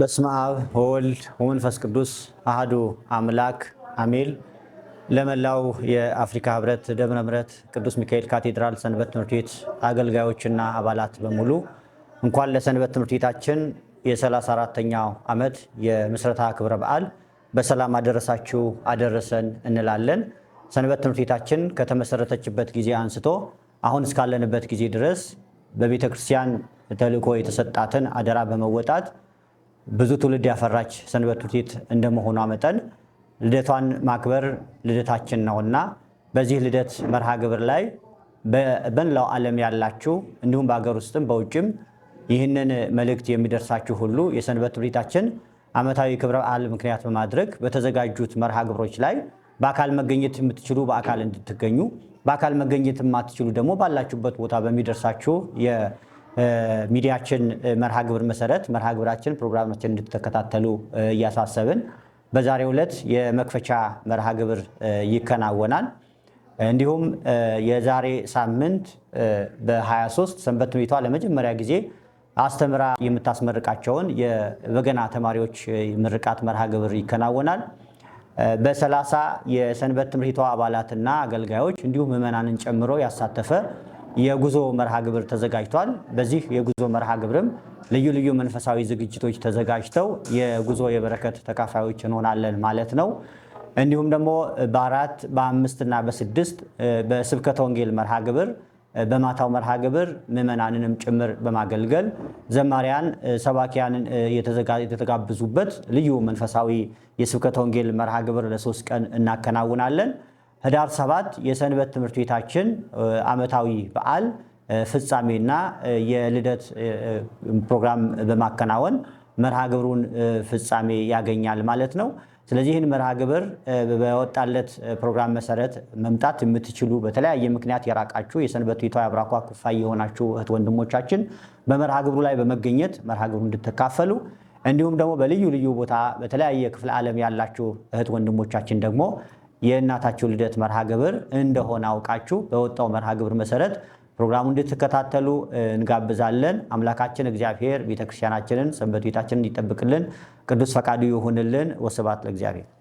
በስመ አብ ወወልድ ወመንፈስ ቅዱስ አህዱ አምላክ አሜል ለመላው የአፍሪካ ህብረት ደብረ ምሕረት ቅዱስ ሚካኤል ካቴድራል ሰንበት ትምህርት ቤት አገልጋዮችና አባላት በሙሉ እንኳን ለሰንበት ትምህርት ቤታችን የ34ኛው ዓመት የምስረታ ክብረ በዓል በሰላም አደረሳችሁ አደረሰን እንላለን። ሰንበት ትምህርት ቤታችን ከተመሰረተችበት ጊዜ አንስቶ አሁን እስካለንበት ጊዜ ድረስ በቤተ ክርስቲያን ተልእኮ የተሰጣትን አደራ በመወጣት ብዙ ትውልድ ያፈራች ሰንበት ውጤት እንደመሆኗ መጠን ልደቷን ማክበር ልደታችን ነውና በዚህ ልደት መርሃ ግብር ላይ በመላው ዓለም ያላችሁ እንዲሁም በሀገር ውስጥም በውጭም ይህንን መልእክት የሚደርሳችሁ ሁሉ የሰንበት ትምህርት አመታዊ ዓመታዊ ክብረ በዓል ምክንያት በማድረግ በተዘጋጁት መርሃ ግብሮች ላይ በአካል መገኘት የምትችሉ በአካል እንድትገኙ፣ በአካል መገኘት የማትችሉ ደግሞ ባላችሁበት ቦታ በሚደርሳችሁ ሚዲያችን መርሃ ግብር መሰረት መርሃ ግብራችን ፕሮግራማችን እንድትከታተሉ እያሳሰብን በዛሬው ዕለት የመክፈቻ መርሃ ግብር ይከናወናል። እንዲሁም የዛሬ ሳምንት በ23 ሰንበት ቤቷ ለመጀመሪያ ጊዜ አስተምራ የምታስመርቃቸውን የበገና ተማሪዎች ምርቃት መርሃ ግብር ይከናወናል። በ30 የሰንበት ትምህርቷ አባላትና አገልጋዮች እንዲሁም ምዕመናንን ጨምሮ ያሳተፈ የጉዞ መርሃ ግብር ተዘጋጅቷል። በዚህ የጉዞ መርሃ ግብርም ልዩ ልዩ መንፈሳዊ ዝግጅቶች ተዘጋጅተው የጉዞ የበረከት ተካፋዮች እንሆናለን ማለት ነው። እንዲሁም ደግሞ በአራት በአምስትና በስድስት በስብከተ ወንጌል መርሃ ግብር በማታው መርሃ ግብር ምዕመናንንም ጭምር በማገልገል ዘማሪያን፣ ሰባኪያንን የተጋብዙበት ልዩ መንፈሳዊ የስብከተ ወንጌል መርሃ ግብር ለሶስት ቀን እናከናውናለን። ህዳር ሰባት የሰንበት ትምህርት ቤታችን ዓመታዊ በዓል ፍጻሜና የልደት ፕሮግራም በማከናወን መርሃ ግብሩን ፍጻሜ ያገኛል ማለት ነው። ስለዚህ ይህን መርሃ ግብር በወጣለት ፕሮግራም መሰረት መምጣት የምትችሉ በተለያየ ምክንያት የራቃችሁ የሰንበት ቤቷ አብራኳ ክፋይ የሆናችሁ እህት ወንድሞቻችን በመርሃ ግብሩ ላይ በመገኘት መርሃ ግብሩ እንድትካፈሉ እንዲሁም ደግሞ በልዩ ልዩ ቦታ በተለያየ ክፍለ ዓለም ያላችሁ እህት ወንድሞቻችን ደግሞ የእናታችሁ ልደት መርሃ ግብር እንደሆነ አውቃችሁ በወጣው መርሃ ግብር መሰረት ፕሮግራሙ እንድትከታተሉ እንጋብዛለን። አምላካችን እግዚአብሔር ቤተክርስቲያናችንን ሰንበት ቤታችንን እንዲጠብቅልን ቅዱስ ፈቃዱ ይሁንልን። ወስብሐት ለእግዚአብሔር።